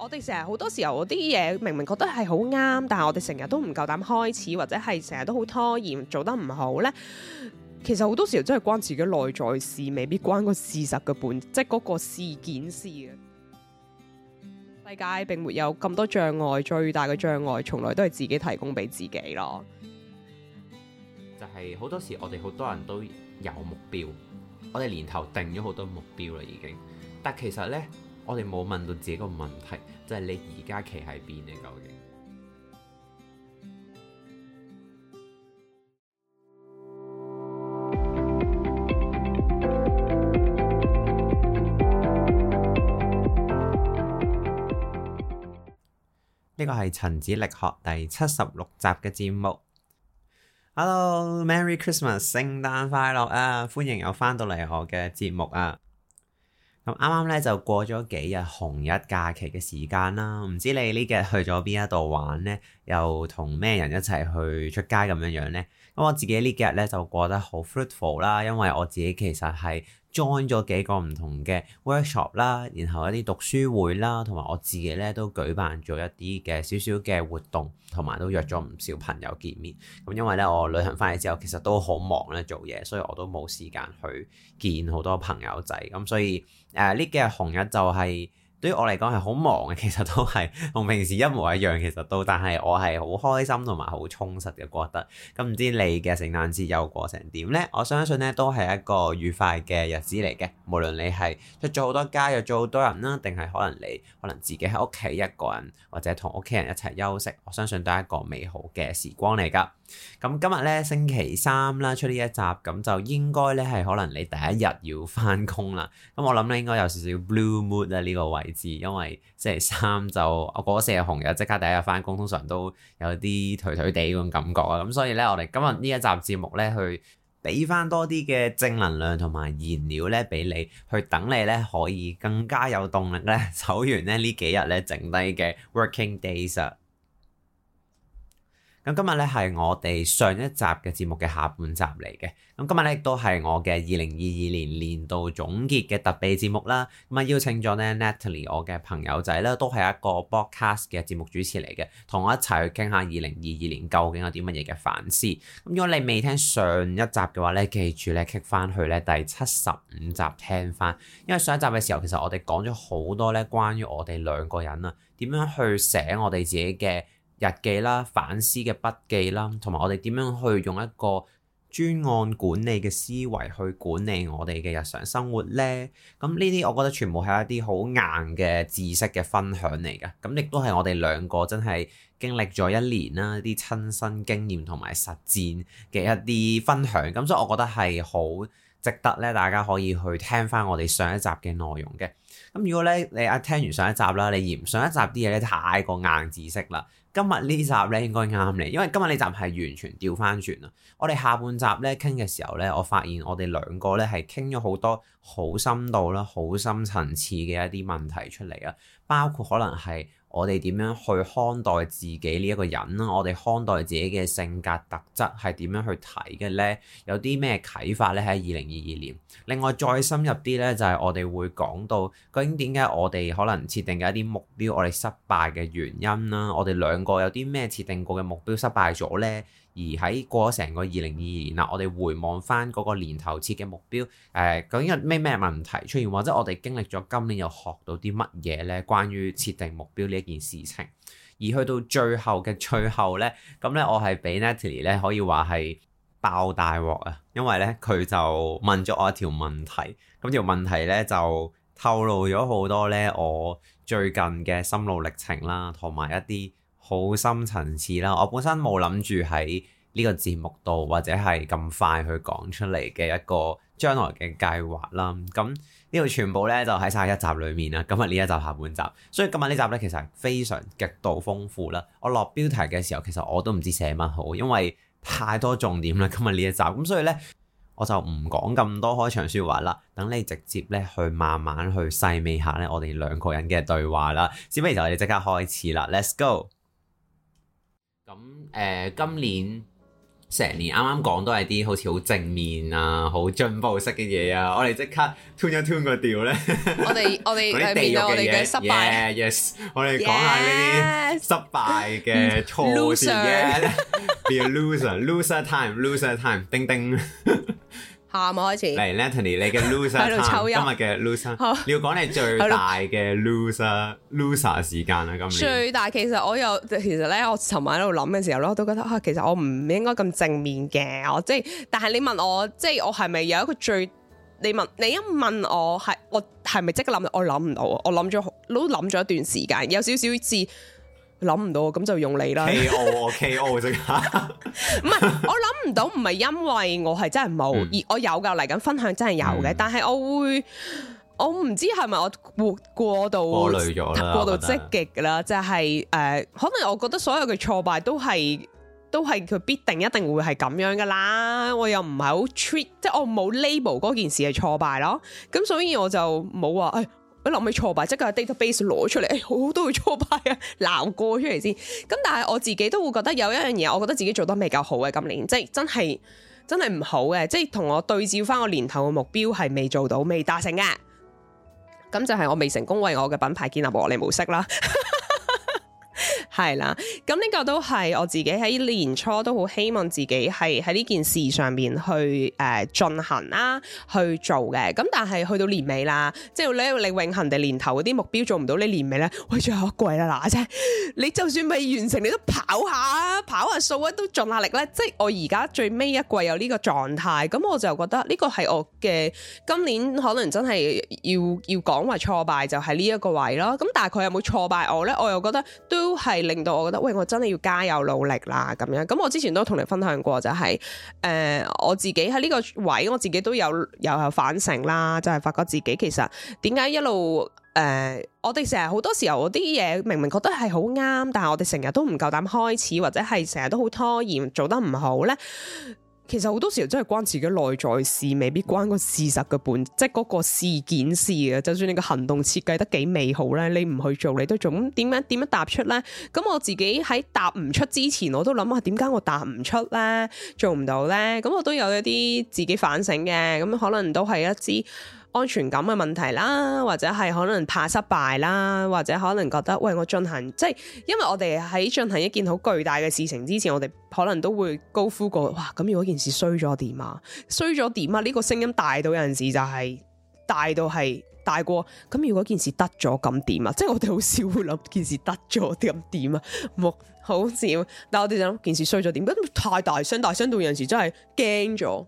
我哋成日好多時候，我啲嘢明明覺得係好啱，但係我哋成日都唔夠膽開始，或者係成日都好拖延，做得唔好呢。其實好多時候真係關自己內在事，未必關個事實嘅本質，即係嗰個事件事，世界並沒有咁多障礙，最大嘅障礙從來都係自己提供俾自己咯。就係好多時，我哋好多人都有目標，我哋年頭定咗好多目標啦，已經，但其實呢。我哋冇問到自己個問題，就係、是、你而家企喺邊呢？究竟呢個係《塵籽力學》第七十六集嘅節目。Hello，Merry Christmas，聖誕快樂啊！歡迎有返到嚟我嘅節目啊！咁啱啱咧就過咗幾日紅日假期嘅時間啦，唔知你呢幾日去咗邊一度玩咧，又同咩人一齊去出街咁樣樣咧？咁我自己呢幾日咧就過得好 fruitful 啦，因為我自己其實係 join 咗幾個唔同嘅 workshop 啦，然後一啲讀書會啦，同埋我自己咧都舉辦咗一啲嘅少少嘅活動，同埋都約咗唔少朋友見面。咁因為咧我旅行翻嚟之後，其實都好忙咧做嘢，所以我都冇時間去見好多朋友仔。咁所以誒呢幾日紅日就係、是。對於我嚟講係好忙嘅，其實都係同平時一模一樣，其實都，但係我係好開心同埋好充實嘅覺得。咁唔知你嘅聖誕節又過成點呢？我相信咧都係一個愉快嘅日子嚟嘅。無論你係出咗好多街，約咗好多人啦，定係可能你可能自己喺屋企一個人，或者同屋企人一齊休息，我相信都係一個美好嘅時光嚟㗎。咁今日咧星期三啦，出呢一集咁就應該咧係可能你第一日要翻工返工啦。咁我諗咧應該有少少 blue mood 啊呢個位。因為星期三就我過咗四日紅日，即刻第一日返工，通常都有啲攰攰地嗰感覺啦。咁所以呢，我哋今日呢一集節目呢，去俾翻多啲嘅正能量同埋燃料呢，俾你去等你呢可以更加有動力呢走完咧呢幾日呢剩低嘅 working days。咁今日咧係我哋上一集嘅節目嘅下半集嚟嘅，咁今日咧亦都係我嘅二零二二年年度總結嘅特備節目啦。咁啊邀請咗咧 Natalie，我嘅朋友仔咧都係一個 podcast 嘅節目主持嚟嘅，同我一齊去傾下二零二二年究竟有啲乜嘢嘅反思。咁如果你未聽上一集嘅話咧，記住咧 keep 翻去咧第七十五集聽翻，因為上一集嘅時候其實我哋講咗好多咧關於我哋兩個人啊，點樣去寫我哋自己嘅。日記啦、反思嘅筆記啦，同埋我哋點樣去用一個專案管理嘅思維去管理我哋嘅日常生活咧。咁呢啲我覺得全部係一啲好硬嘅知識嘅分享嚟嘅，咁亦都係我哋兩個真係經歷咗一年啦，啲親身經驗同埋實戰嘅一啲分享。咁所以我覺得係好值得咧，大家可以去聽翻我哋上一集嘅內容嘅。咁如果咧你啊聽完上一集啦，你嫌上一集啲嘢咧太過硬知識啦。今日呢集咧應該啱你，因為今日呢集係完全調翻轉啦。我哋下半集咧傾嘅時候咧，我發現我哋兩個咧係傾咗好多好深度啦、好深層次嘅一啲問題出嚟啊，包括可能係。我哋點樣去看待自己呢一個人啦？我哋看待自己嘅性格特質係點樣去睇嘅咧？有啲咩啟發咧？喺二零二二年，另外再深入啲咧，就係我哋會講到究竟點解我哋可能設定嘅一啲目標，我哋失敗嘅原因啦。我哋兩個有啲咩設定過嘅目標失敗咗咧？而喺過咗成個二零二二年啦，我哋回望翻嗰個年頭設嘅目標，究竟有咩咩問題出現，或者我哋經歷咗今年又學到啲乜嘢咧？關於設定目標呢一件事情，而去到最後嘅最後咧，咁咧我係俾 Natalie 咧可以話係爆大鑊啊，因為咧佢就問咗我一條問題，咁條問題咧就透露咗好多咧我最近嘅心路歷程啦，同埋一啲。好深層次啦，我本身冇諗住喺呢個節目度或者係咁快去講出嚟嘅一個將來嘅計劃啦。咁呢度全部咧就喺曬一集裡面啦。咁啊呢一集下半集，所以今日呢集咧其實係非常極度豐富啦。我落標題嘅時候其實我都唔知寫乜好，因為太多重點啦。今日呢一集咁，所以咧我就唔講咁多開場説話啦，等你直接咧去慢慢去細味下咧我哋兩個人嘅對話啦。先不如就我哋即刻開始啦，Let's go！咁誒、嗯呃，今年成年啱啱講都係啲好似好正面啊、好進步式嘅嘢啊，我哋即刻 tune 一 tune 個調咧。 我哋我哋啲地獄嘅嘢，失敗，yes，我哋講下呢啲失敗嘅錯事，Be a loser，loser time，loser time，叮叮。啱啱開始，嚟 Natalie 你嘅 loser， 今日嘅 loser，要講你最大嘅 los、er, loser，loser 時間啊，今日 最大其實我有，其實咧我尋晚喺度諗嘅時候咧，我都覺得啊，其實我唔應該咁正面嘅，我即係，但係你問我，即係我係咪有一個最？你問你一問我係我係咪即刻諗？我諗唔到啊！我諗咗好，都諗咗一段時間，有少少似。諗唔到，咁就用你啦。K O，K O，即係唔係？我諗唔到，唔係因為我係真係冇，而我有噶嚟緊分享真係有嘅。但係我會，我唔知係咪我活過度焦慮咗，過度積極啦，就係誒，可能我覺得所有嘅挫敗都係都係佢必定一定會係咁樣噶啦。我又唔係好 treat，即係我冇 label 嗰件事係挫敗咯。咁所以我就冇話誒。喂，諗起挫敗，即係個 database 攞出嚟，好，好多會挫敗啊！鬧 過出嚟先，咁但係我自己都會覺得有一樣嘢，我覺得自己做得未夠好嘅今年，即係真係真係唔好嘅，即係同我對照返個年頭嘅目標係未做到未達成嘅，咁就係我未成功為我嘅品牌建立獲利模式啦。 係啦，咁呢個都係我自己喺年初都好希望自己係喺呢件事上面去誒進、呃、行啦、啊，去做嘅。咁但係去到年尾啦，即係你，你永恒地年頭嗰啲目標做唔到你，年呢年尾咧，喂，最後一季啦嗱啫，你就算未完成，你都跑下啊，跑下數啊，都盡下力咧。即係我而家最尾一季有呢個狀態，咁我就覺得呢個係我嘅今年可能真係要要講話挫敗，就係呢一個位咯。咁但係佢有冇挫敗我咧？我又覺得都係。令到我覺得，喂，我真係要加油努力啦！咁樣，咁我之前都同你分享過，就係，誒，我自己喺呢個位，我自己都有，有有反省啦，就係發覺自己其實點解一路，誒，我哋成日好多時候啲嘢明明覺得係好啱，但係我哋成日都唔夠膽開始，或者係成日都好拖延，做得唔好咧。其實好多時候真係關自己內在事，未必關個事實嘅本，即係嗰個事件事嘅。就算你個行動設計得幾美好咧，你唔去做你都做。咁點樣點樣答出咧？咁我自己喺答唔出之前，我都諗下點解我答唔出咧，做唔到咧。咁我都有一啲自己反省嘅。咁可能都係一支。安全感嘅問題啦，或者係可能怕失敗啦，或者可能覺得喂，我進行即係，因為我哋喺進行一件好巨大嘅事情之前，我哋可能都會高呼過哇，咁如果件事衰咗點啊？衰咗點啊？呢、這個聲音大到有陣時就係大到係大過，咁如果件事得咗咁點啊？即係我哋好少會諗件事得咗咁點啊，冇 好少。但係我哋就諗件事衰咗點，咁太大聲，大聲到有陣時真係驚咗。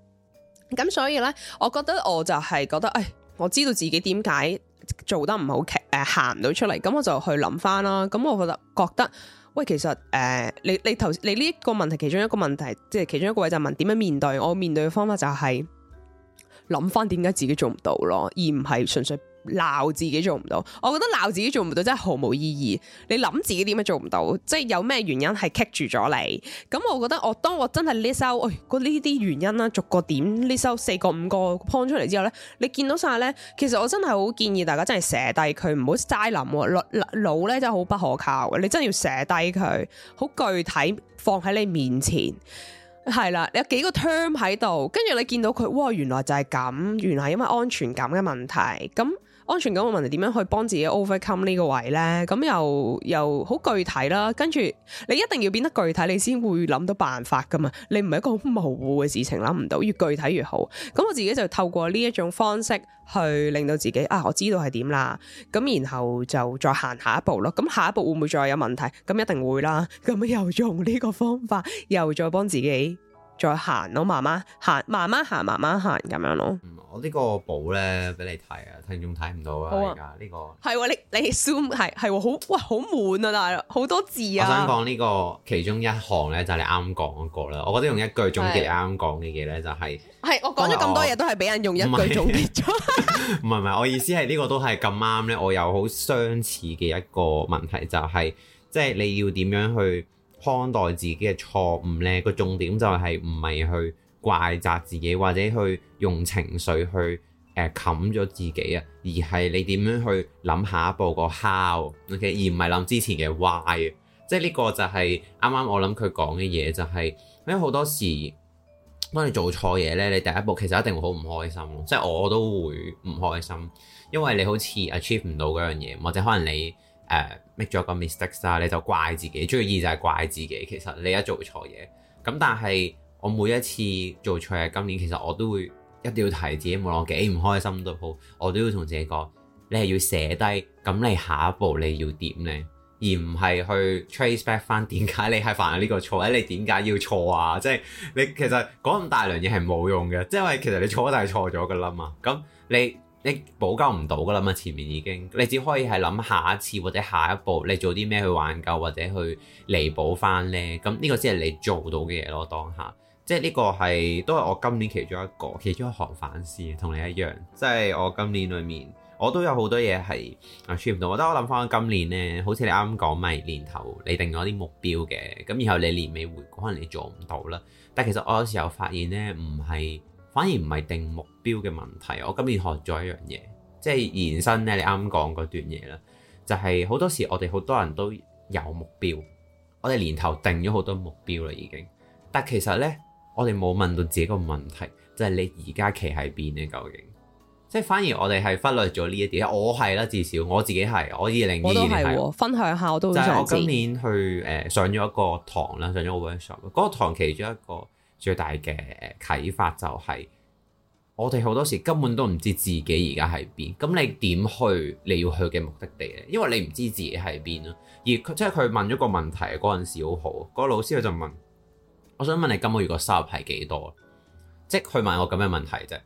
咁所以咧，我覺得我就係覺得，誒，我知道自己點解做得唔好，誒、呃、行唔到出嚟，咁我就去諗翻啦。咁我覺得覺得，喂，其實誒、呃、你你頭你呢一個問題，其中一個問題，即係其中一個位就問點樣面對我面對嘅方法就係諗翻點解自己做唔到咯，而唔係純粹。鬧自己做唔到，我覺得鬧自己做唔到真係毫無意義。你諗自己點解做唔到，即係有咩原因係棘住咗你？咁、嗯、我覺得我當我真係 list out，誒、哎，呢啲原因啦，逐個點 list out 四個五個 point 出嚟之後咧，你見到晒咧，其實我真係好建議大家真係寫低佢，唔好齋諗，腦腦咧真係好不可靠嘅，你真係要寫低佢，好具體放喺你面前，係啦，你有幾個 term 喺度，跟住你見到佢，哇，原來就係咁，原來係因為安全感嘅問題，咁、嗯。安全感嘅問題，點樣去幫自己 overcome 呢個位呢？咁又又好具體啦，跟住你一定要變得具體，你先會諗到辦法㗎嘛。你唔係一個模糊嘅事情諗唔到，越具體越好。咁我自己就透過呢一種方式去令到自己啊，我知道係點啦。咁然後就再行下一步咯。咁下一步會唔會再有問題？咁一定會啦。咁又用呢個方法，又再幫自己。再行咯，慢慢行，慢慢行，慢慢行咁樣咯、嗯。我呢個、哦這個簿咧，俾你睇啊，聽眾睇唔到啊。而家呢個係喎，你你數係係喎，好哇，好滿啊，但係好多字啊。我想講呢個其中一行咧，就係、是、你啱講嗰個啦。我覺得用一句總結啱啱講嘅嘢咧，就係、是、係我講咗咁多嘢，都係俾人用一句總結咗。唔係唔係，我意思係呢、這個都係咁啱咧。我有好相似嘅一個問題，就係即係你要點樣去？寬待自己嘅錯誤呢個重點就係唔係去怪責自己，或者去用情緒去誒冚咗自己啊，而係你點樣去諗下一步個 how，ok，、okay? 而唔係諗之前嘅 why。即係呢個就係啱啱我諗佢講嘅嘢，就係、是、因為好多時當你做錯嘢呢，你第一步其實一定會好唔開心，即係、就是、我都會唔開心，因為你好似 achieve 唔到嗰樣嘢，或者可能你。誒 make 咗個 mistakes 啊，你就、uh，怪自己。最易就係怪自己。其實你一做錯嘢，咁但係我每一次做錯嘢，今年其實我都會一定要提自己，無論幾唔開心都好，我都要同自己講，你係要寫低咁你下一步你要點呢？而唔係去 trace back 翻點解你係犯咗呢個錯咧？你點解要錯啊？即係你其實講咁大量嘢係冇用嘅，即係因為其實你錯都係錯咗噶啦嘛。咁你。你補救唔到噶啦嘛，前面已經，你只可以係諗下一次或者下一步，你做啲咩去挽救或者去彌補翻呢。咁呢個先係你做到嘅嘢咯，當下。即係呢個係都係我今年其中一個，其中一項反思，同你一樣。即係我今年裏面，我都有好多嘢係 Achieve 唔到。我覺得我諗翻今年呢，好似你啱啱講咪年頭，你定咗啲目標嘅，咁然後你年尾回顧，可能你做唔到啦。但其實我有時候發現呢，唔係。反而唔係定目標嘅問題。我今年學咗一樣嘢，即係延伸咧。你啱講嗰段嘢啦，就係、是、好多時我哋好多人都有目標，我哋年頭定咗好多目標啦已經。但其實呢，我哋冇問到自己個問題，就係、是、你而家企喺邊呢？究竟？即係反而我哋係忽略咗呢一點。我係啦，至少我自己係。我二零二二年、啊、分享下，我都好想知。就我今年去誒、呃、上咗一個堂啦，上咗個、嗰個堂其中一個。最大嘅啟發就係我哋好多時根本都唔知自己而家喺邊，咁你點去你要去嘅目的地呢？因為你唔知自己喺邊咯。而佢即係佢問咗個問題嗰陣時，好好。個老師佢就問：我想問你今個月嘅收入係幾多？即係佢問我咁嘅問題啫。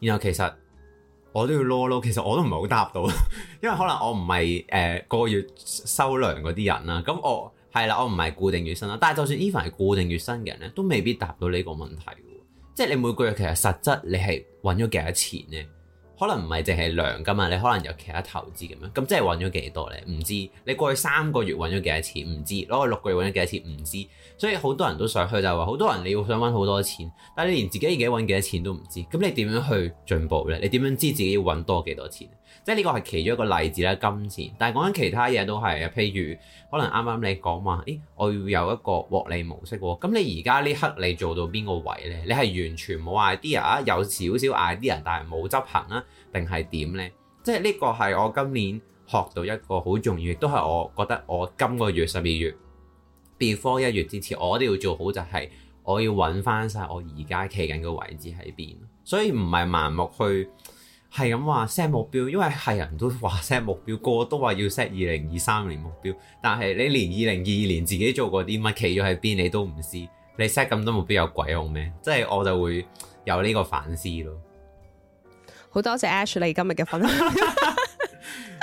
然後其實我都要囉囉。其實我都唔係好答到，因為可能我唔係誒個月收糧嗰啲人啦。咁我。係啦，我唔係固定月薪啦，但係就算依份係固定月薪嘅人咧，都未必答到呢個問題嘅。即係你每個月其實實質你係揾咗幾多錢呢？可能唔係淨係糧噶嘛，你可能有其他投資咁樣，咁即係揾咗幾多呢？唔知你過去三個月揾咗幾多錢？唔知攞去六個月揾咗幾多錢？唔知，所以好多人都想去就話，好多人你要想揾好多錢，但係你連自己而家揾幾多錢都唔知，咁你點樣去進步呢？你點樣知自己要揾多幾多錢？即係呢個係其中一個例子啦，金錢。但係講緊其他嘢都係啊，譬如可能啱啱你講話，誒，我要有一個獲利模式喎。咁你而家呢刻你做到邊個位呢？你係完全冇 idea 啊？有少少 idea，但係冇執行啊？定係點呢？即係呢個係我今年學到一個好重要，亦都係我覺得我今個月十二月 before 一月之前，我都要做好就係我要揾翻晒我而家企緊嘅位置喺邊。所以唔係盲目去。係咁話 set 目標，因為係人都話 set 目標過，個個都話要 set 二零二三年目標，但係你連二零二二年自己做過啲乜企咗喺邊，你都唔知，你 set 咁多目標有鬼用咩？即係我就會有呢個反思咯。好多謝 Ash 你今日嘅分享。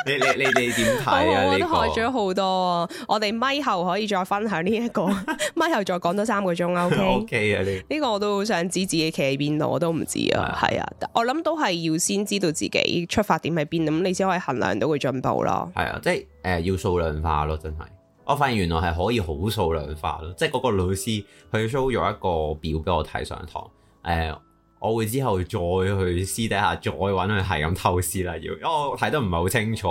你你你哋點睇啊？我我都學咗好多， 我哋咪後可以再分享呢、這、一個 咪後再講多三個鐘，OK？OK 啊，呢、okay? 呢 Okay, 個我都好想知自己企喺邊度，我都唔知 啊。係啊，我諗都係要先知道自己出發點喺邊，咁你先可以衡量到個進步咯。係啊，即係誒、呃，要數量化咯，真係。我發現原來係可以好數量化咯，即係嗰個老師佢 show 咗一個表俾我睇上堂誒。呃我會之後再去私底下再揾佢係咁偷師啦，要，因為我睇得唔係好清楚。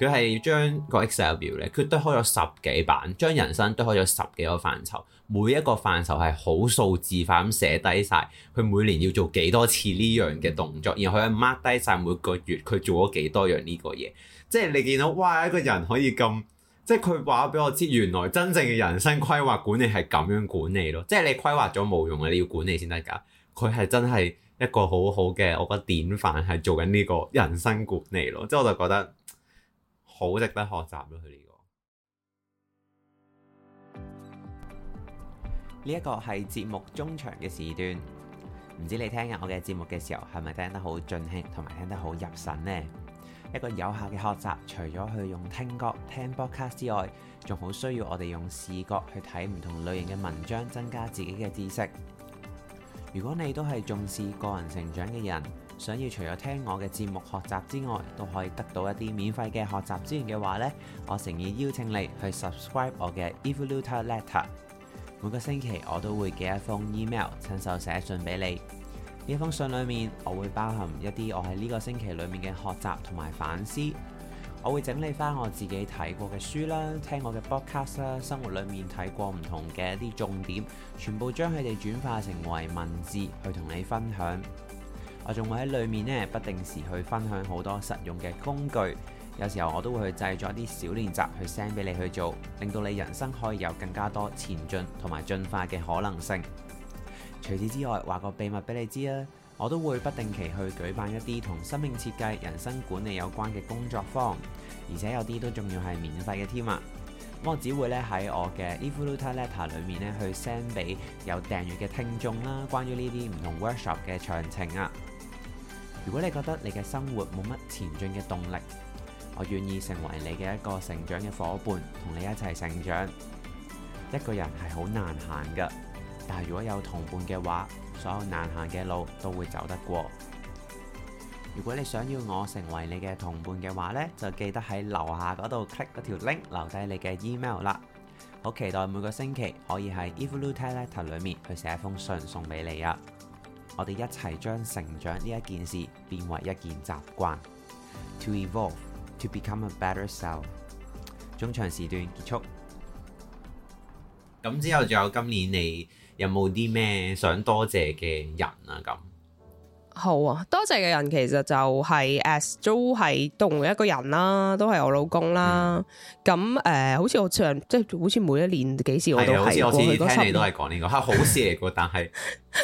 佢係將個 Excel 表咧，佢都開咗十幾版，將人生都開咗十幾個範疇，每一個範疇係好數字化咁寫低晒。佢每年要做幾多次呢樣嘅動作，然後佢又 mark 低晒每個月佢做咗幾多樣呢個嘢，即係你見到，哇，一個人可以咁～即係佢話俾我知，原來真正嘅人生規劃管理係咁樣管理咯。即係你規劃咗冇用嘅，你要管理先得㗎。佢係真係一個好好嘅，我覺得典範係做緊呢個人生管理咯。即係我就覺得好值得學習咯。佢呢、呢個呢一個係節目中場嘅時段，唔知你聽緊我嘅節目嘅時候係咪聽得好盡興，同埋聽得好入神呢？一個有效嘅學習，除咗去用聽覺聽 podcast 之外，仲好需要我哋用視覺去睇唔同類型嘅文章，增加自己嘅知識。如果你都係重視個人成長嘅人，想要除咗聽我嘅節目學習之外，都可以得到一啲免費嘅學習資源嘅話呢，我誠意邀請你去 subscribe 我嘅 Evoluta Letter。每個星期我都會寄一封 email，親手寫信俾你。呢封信裏面，我會包含一啲我喺呢個星期裏面嘅學習同埋反思。我會整理翻我自己睇過嘅書啦，聽我嘅 Podcast 啦，生活裏面睇過唔同嘅一啲重點，全部將佢哋轉化成為文字去同你分享。我仲會喺裏面呢，不定時去分享好多實用嘅工具。有時候我都會去製作一啲小練習去 send 俾你去做，令到你人生可以有更加多前進同埋進化嘅可能性。除此之外，話個秘密俾你知啊！我都會不定期去舉辦一啲同生命設計、人生管理有關嘅工作坊，而且有啲都仲要係免費嘅添啊！咁我只會咧喺我嘅 Evoluta Letter 裏面咧去 send 俾有訂閲嘅聽眾啦，關於呢啲唔同 workshop 嘅詳情啊！如果你覺得你嘅生活冇乜前進嘅動力，我願意成為你嘅一個成長嘅伙伴，同你一齊成長。一個人係好難行㗎。但係，如果有同伴嘅話，所有難行嘅路都會走得過。如果你想要我成為你嘅同伴嘅話呢，就記得喺樓下嗰度 click 嗰條 link，留低你嘅 email 啦。好期待每個星期可以喺 Evolution Letter 裏面去寫一封信送俾你啊！我哋一齊將成長呢一件事變為一件習慣。To evolve, to become a better self。中場時段結束，咁之後仲有今年嚟。有冇啲咩想多謝嘅人啊？咁好啊！多謝嘅人其實就係 As Joe 係同一個人啦，都係我老公啦。咁誒、嗯呃，好似我上即係好似每一年幾次我都係、啊。好似聽你都係講呢個係好事嚟嘅，但係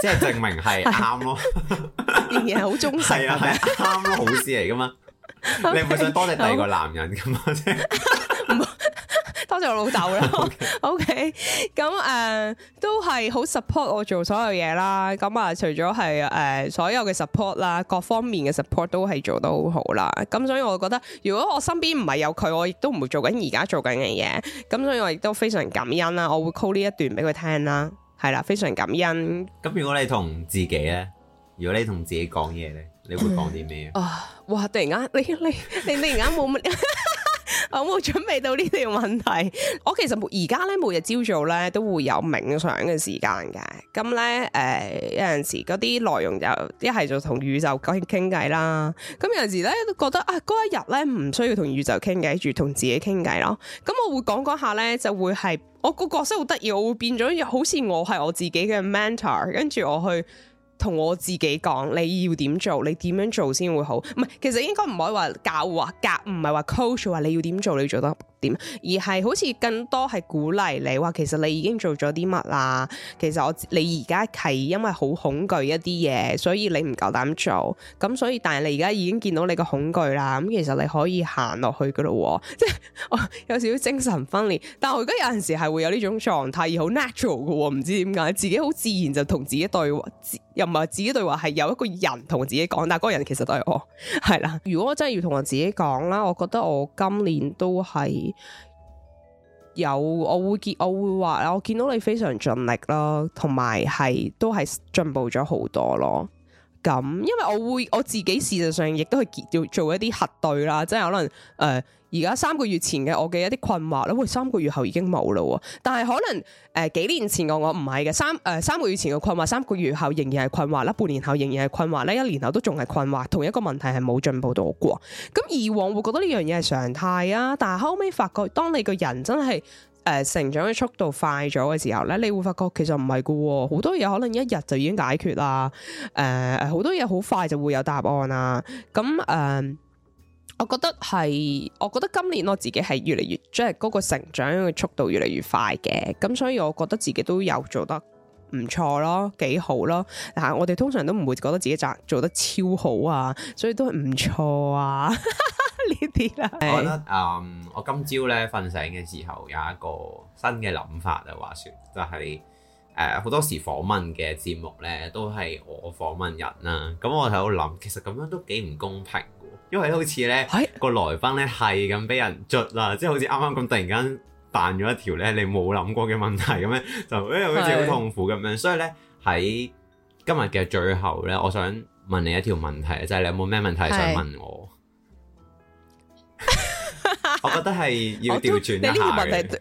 即係證明係啱咯。仍然係好忠實啊，係啊，啱咯，好事嚟噶嘛？你唔會想多謝第二個男人咁啊？ 我咗老豆咯，OK，咁誒、 嗯、都係好 support 我做所有嘢啦。咁、嗯、啊，除咗係誒所有嘅 support 啦，各方面嘅 support 都係做得好好啦。咁、嗯、所以我覺得，如果我身邊唔係有佢，我亦都唔會做緊而家做緊嘅嘢。咁所以我亦都非常感恩啦。我會 call 呢一段俾佢聽啦，係、呃、啦，非常感恩。咁如果你同自己咧，如果你同自己講嘢咧，你會講啲咩啊？哇！突然間，你你你突然間，冇乜。我冇準備到呢條問題， 我其實而家咧每日朝早咧都會有冥想嘅時間嘅，咁咧誒有陣時嗰啲內容就一係就同宇宙傾偈啦，咁有陣時咧都覺得啊嗰一日咧唔需要同宇宙傾偈，住同自己傾偈咯，咁我會講講下咧就會係我個角色好得意，我會變咗好似我係我自己嘅 mentor，跟住我去。同我自己講，你要點做？你點樣做先會好？唔係，其實應該唔可以話教，話教唔係話 coach 話你要點做，你要做得好。而係好似更多係鼓勵你話，其實你已經做咗啲乜啦？其實我你而家係因為好恐懼一啲嘢，所以你唔夠膽做。咁所以，但係你而家已經見到你個恐懼啦。咁其實你可以行落去噶咯、哦，即係有少少精神分裂。但係我而家有陣時係會有呢種狀態，而好 natural 噶，唔知點解自己好自然就同自己對話，又唔係自己對話，係有一個人同自己講，但係個人其實都係我，係啦。如果我真係要同我自己講啦，我覺得我今年都係。有我會見我會話，我見到你非常盡力啦，同埋係都係進步咗好多咯。咁，因為我會我自己事實上亦都係要做一啲核對啦，即係可能誒而家三個月前嘅我嘅一啲困惑咧，會三個月後已經冇啦，但係可能誒、呃、幾年前嘅我唔係嘅三誒、呃、三個月前嘅困惑，三個月後仍然係困惑啦，半年後仍然係困惑咧，一年後都仲係困惑，同一個問題係冇進步到過。咁以往會覺得呢樣嘢係常態啊，但係後尾發覺，當你個人真係。誒成長嘅速度快咗嘅時候咧，你會發覺其實唔係㗎喎，好多嘢可能一日就已經解決啦。誒、呃，好多嘢好快就會有答案啦。咁誒、呃，我覺得係，我覺得今年我自己係越嚟越，即係嗰個成長嘅速度越嚟越快嘅。咁所以我覺得自己都有做得。唔錯咯，幾好咯吓！但我哋通常都唔會覺得自己賺做,做得超好啊，所以都係唔錯啊呢啲啦。 些了 我覺得，嗯、呃，我今朝咧瞓醒嘅時候有一個新嘅諗法啊，話說就係、是，誒、呃，好多時訪問嘅節目咧，都係我訪問人啦、啊。咁我喺度諗，其實咁樣都幾唔公平噶，因為好似咧、欸、個來賓咧係咁俾人卒啦，即、就、係、是、好似啱啱咁突然間。辦咗一條咧，你冇諗過嘅問題咁樣，就誒好似好痛苦咁樣，所以咧喺今日嘅最後咧，我想問你一條問題，就係你有冇咩問題想問我？我覺得係要調轉呢條問題。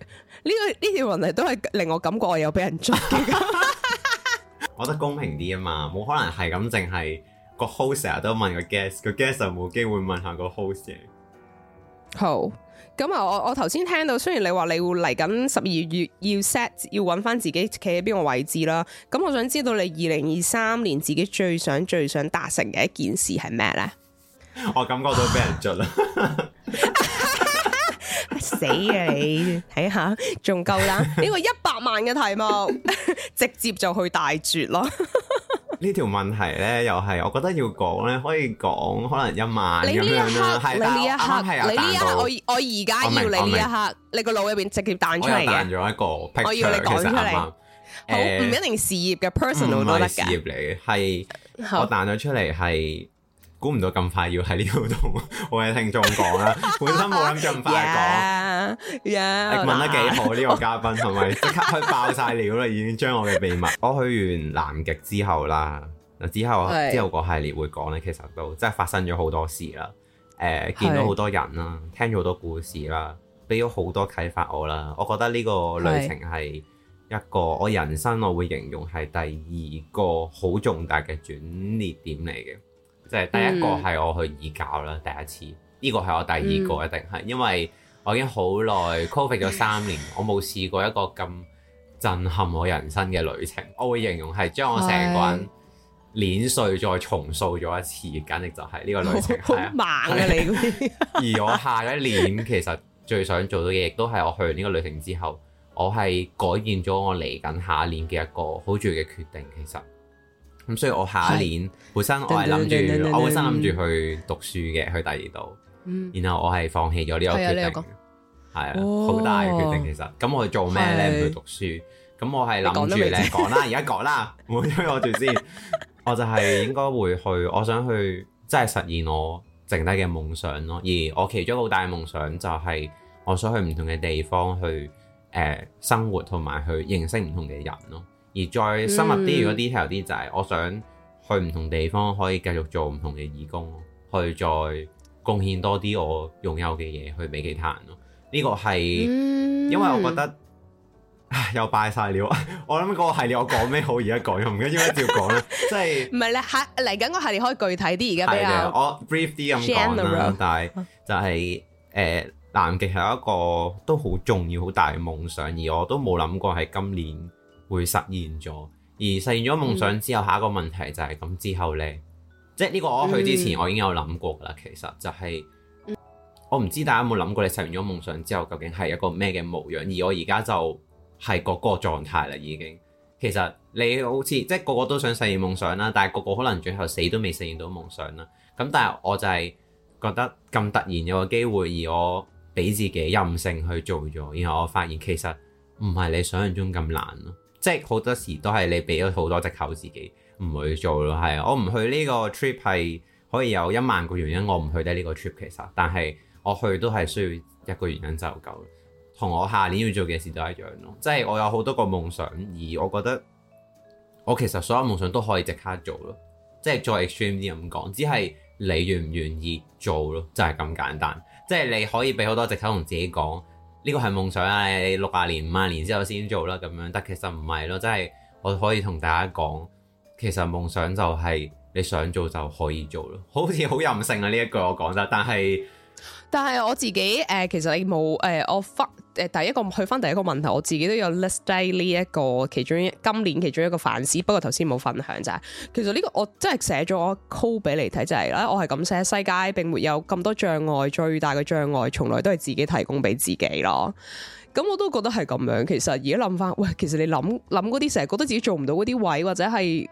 呢個呢條問題都係令我感覺我有俾人追嘅。我覺得公平啲啊嘛，冇可能係咁淨係個 host 成日都問個 guest，個 guest 就冇機會問下個 host 嘅。好。咁啊，我我頭先聽到，雖然你話你會嚟緊十二月要 set，要揾翻自己企喺邊個位置啦。咁我想知道你二零二三年自己最想最想達成嘅一件事係咩呢？我感覺到俾人捉啦，死啊你！睇下仲夠啦，呢 個一百萬嘅題目 直接就去大絕咯。 呢條問題咧，又係我覺得要講咧，可以講可能一晚咁樣啦。你呢一刻，你呢一刻，你呢一刻，我我而家要你呢一刻，你個腦入邊直接彈出嚟嘅。我彈咗一個，我要你講出嚟。好，唔一定事業嘅 personal 都得嘅。事業嚟嘅係，我彈咗出嚟係。估唔到咁快要喺呢度同我嘅聽眾講啦，本身冇諗咁快講，你問得幾好呢？ 個嘉賓係咪即刻去爆晒料啦？ 已經將我嘅秘密。 我去完南極之後啦，之後是之後個系列會講咧，其實都真係發生咗好多事啦。誒、呃，見到好多人啦，聽咗好多故事啦，俾咗好多啟發我啦。我覺得呢個旅程係一個是我人生我會形容係第二個好重大嘅轉捩點嚟嘅。即係第一個係我去義教啦，第一次呢、呢個係我第二個一定係，因為我已經好耐 Covid 咗三年，我冇試過一個咁震撼我人生嘅旅程。我會形容係將我成個人碾碎再重塑咗一次，簡直就係呢個旅程好很、啊、猛啊是你的！ 而我下一年其實最想做到嘅，亦都係我去呢個旅程之後，我係改變咗我嚟緊下一年嘅一個好重要嘅決定，其實。咁所以我下一年本身我係諗住，我本身諗住去讀書嘅，去第二度，然後我係放棄咗呢個決定，係啊，好大嘅決定其實。咁我做咩咧？唔去讀書？咁我係諗住咧，講啦，而家講啦，唔好推我住先。我就係應該會去，我想去，即係實現我剩低嘅夢想咯。而我其中好大嘅夢想就係我想去唔同嘅地方去，誒，生活同埋去認識唔同嘅人咯。而再深入啲，如果 detail 啲、嗯、就係，我想去唔同地方可以繼續做唔同嘅義工，去再貢獻多啲我擁有嘅嘢去俾其他人咯。呢、呢個係因為我覺得、嗯、又敗晒了。 我諗嗰個系列我講咩好，而家講，唔緊要，照講咯。即係唔係咧嚇，嚟緊個系列可以具體啲，而家比較我 brief 啲咁講。但係就係、是、誒、呃、南極係一個都好重要好大嘅夢想，而我都冇諗過係今年。會實現咗，而實現咗夢想之後，嗯、下一個問題就係咁之後呢，即係呢個我去之前，我已經有諗過㗎啦。嗯、其實就係我唔知大家有冇諗過，你實現咗夢想之後，究竟係一個咩嘅模樣？而我而家就係個個狀態啦，已經其實你好似即係個個都想實現夢想啦，但係個個可能最後死都未實現到夢想啦。咁但係我就係覺得咁突然有個機會，而我俾自己任性去做咗，然後我發現其實唔係你想象中咁難咯。即係好多時都係你俾咗好多借口自己唔去做咯，係啊，我唔去呢個 trip 係可以有一萬個原因我唔去得呢個 trip 其實，但係我去都係需要一個原因就夠。同我下年要做嘅事都一樣咯，即係我有好多個夢想，而我覺得我其實所有夢想都可以即刻做咯。即係再 extreme 啲咁講，只係你願唔願意做咯，就係咁簡單。即係你可以俾好多借口同自己講。呢個係夢想啊！你六十年、五十年之後先做啦，咁樣，但其實唔係咯，即係我可以同大家講，其實夢想就係、是、你想做就可以做咯，好似好任性啊！呢一句我講得，但係但係我自己誒、呃，其實你冇誒、呃，我誒，第一個去翻第一個問題，我自己都有 list 低呢一個其中今年其中一個反思，不過頭先冇分享咋。其實呢個我真係寫咗 call 俾你睇，就係咧，我係咁寫：世界並沒有咁多障礙，最大嘅障礙從來都係自己提供俾自己咯。咁我都覺得係咁樣。其實而家諗翻，喂，其實你諗諗嗰啲成日覺得自己做唔到嗰啲位，或者係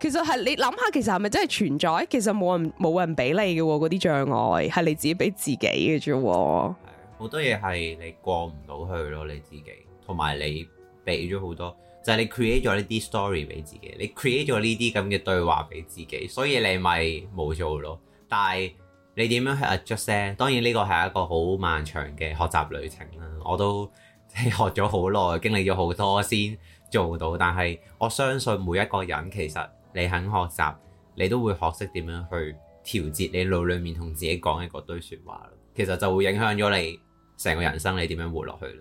其實係你諗下，其實係咪真係存在？其實冇人冇人俾你嘅喎，嗰啲障礙係你自己俾自己嘅啫。好多嘢係你過唔到去咯，你自己同埋你俾咗好多，就係、是、你 create 咗呢啲 story 俾自己，你 create 咗呢啲咁嘅對話俾自己，所以你咪冇做咯。但係你點樣去 adjust 咧？當然呢個係一個好漫長嘅學習旅程啦。我都即係學咗好耐，經歷咗好多先做到。但係我相信每一個人其實你肯學習，你都會學識點樣去調節你腦裡面同自己講嘅嗰堆説話。其實就會影響咗你。成個人生你點樣活落去咧？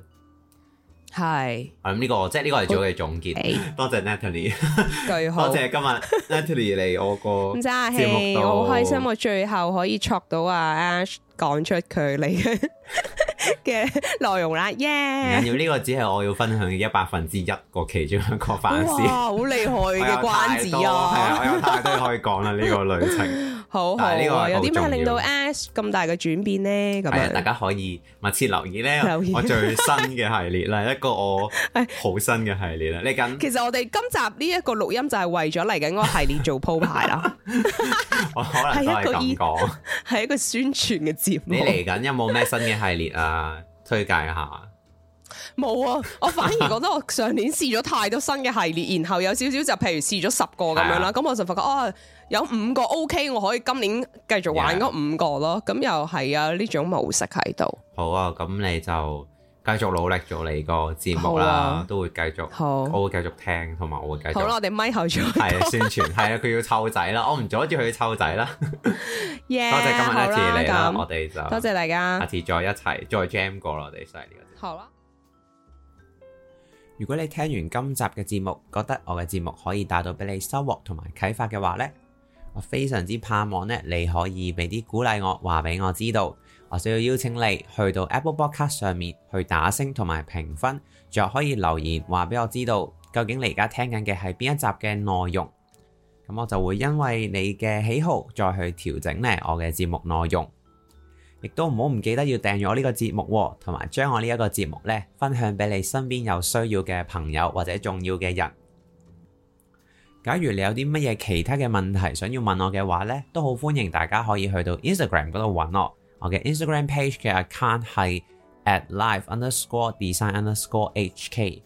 係是，咁呢、呢個即係呢個係最好嘅總結。好多謝 Natalie，好多謝今日 Natalie 嚟我個、 啊。唔係啊，我好開心，我最後可以捉到啊，Ash 講出佢嚟嘅內容啦。耶！唔緊要呢個只係我要分享嘅一百分之一個其中一個反思。哇，好厲害嘅關子啊！係啊， 我有太多可以講啦呢個旅程。 好，係有啲咩令到 Ash 咁大嘅轉變咧？咁大家可以密切留意咧，留意 我最新嘅系列啦， 一個我好新嘅系列啦，嚟緊。其實我哋今集呢一個錄音就係為咗嚟緊嗰個系列做鋪排啦。 我可能都係咁講，係一,一個宣傳嘅節目。 你嚟緊有冇咩新嘅系列啊？推介下。冇啊！我反而覺得我上年試咗太多新嘅系列，然後有少少就譬如試咗十個咁樣啦，咁我就發覺，哦，有五個 OK，我可以今年繼續玩嗰五個咯。咁又係啊，呢種模式喺度。好啊，咁你就繼續努力做你個節目啦，都會繼續。好，我會繼續聽，同埋我會繼續。好啦，我哋咪頭咗。係宣傳，係啊，佢要湊仔啦，我唔阻住佢要湊仔啦。多謝今日一次你啦，我哋就多謝大家，下次再一齊再 jam 過啦，我哋系列。好啦。如果你聽完今集嘅節目，覺得我嘅節目可以帶到俾你收穫同埋啟發嘅話呢，我非常之盼望咧，你可以俾啲鼓勵我話俾我知道。我需要邀請你去到 Apple Podcast 上面去打星同埋評分，仲可以留言話俾我知道究竟你而家聽緊嘅係邊一集嘅內容。咁我就會因為你嘅喜好再去調整咧我嘅節目內容。亦都唔好唔記得要訂閱我呢個節目喎，同埋將我呢一個節目呢分享俾你身邊有需要嘅朋友或者重要嘅人。假如你有啲乜嘢其他嘅問題想要問我嘅話呢，都好歡迎大家可以去到 Instagram 嗰度揾我，我嘅 Instagram page 嘅 account 係 at life underscore design underscore hk。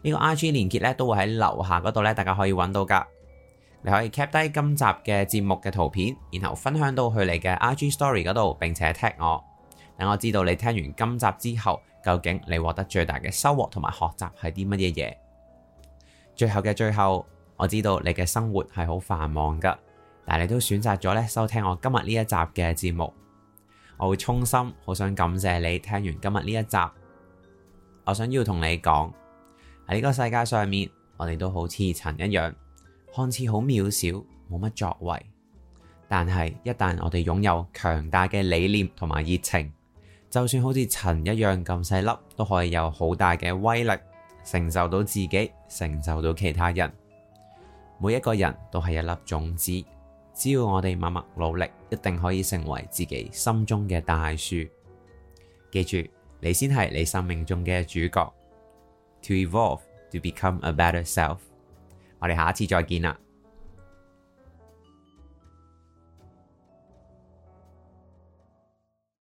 呢個 IG 連結呢，都會喺樓下嗰度呢，大家可以揾到㗎。你可以 cap 低今集嘅節目嘅圖片，然後分享到去你嘅 IG story 嗰度，並且 tag 我，等我知道你聽完今集之後，究竟你獲得最大嘅收穫同埋學習係啲乜嘢嘢？最後嘅最後，我知道你嘅生活係好繁忙噶，但係你都選擇咗咧收聽我今日呢一集嘅節目，我會衷心好想感謝你聽完今日呢一集。我想要同你講喺呢個世界上面，我哋都好似塵一樣。看似好渺小，冇乜作為，但係一旦我哋擁有強大嘅理念同埋熱情，就算好似塵一樣咁細粒，都可以有好大嘅威力，承受到自己，承受到其他人。每一個人都係一粒種子，只要我哋默默努力，一定可以成為自己心中嘅大樹。記住，你先係你生命中嘅主角。To evolve, to become a better self. 我哋下次再見啦。